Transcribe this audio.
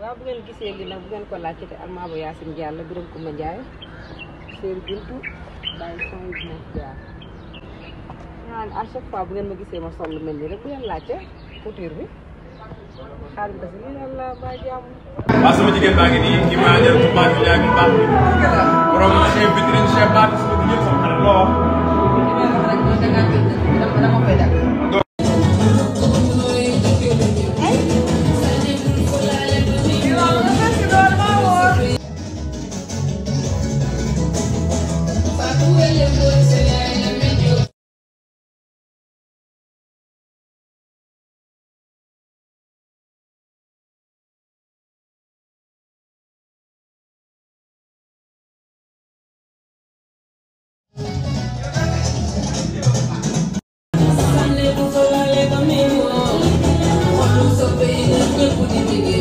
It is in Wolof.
waaw bu ngeen gisee li nag bu ngeen ko laajte te almaabo Yacine Diallo Biram Kumba Ndiaye Sër Bintu Baye Sane Diouf Diar ñaan à chaque fois bu ngeen ma gisee ma sol lu mel nii rek bu ngeen laajte couture bi xaalis ba si lii daal la ba jàmm. waaw sama jigéen baa ngi nii di maa jël bu baax di jaay bu baax bi borom invité nañu chef baax si ñëpp sama xarit loo wax.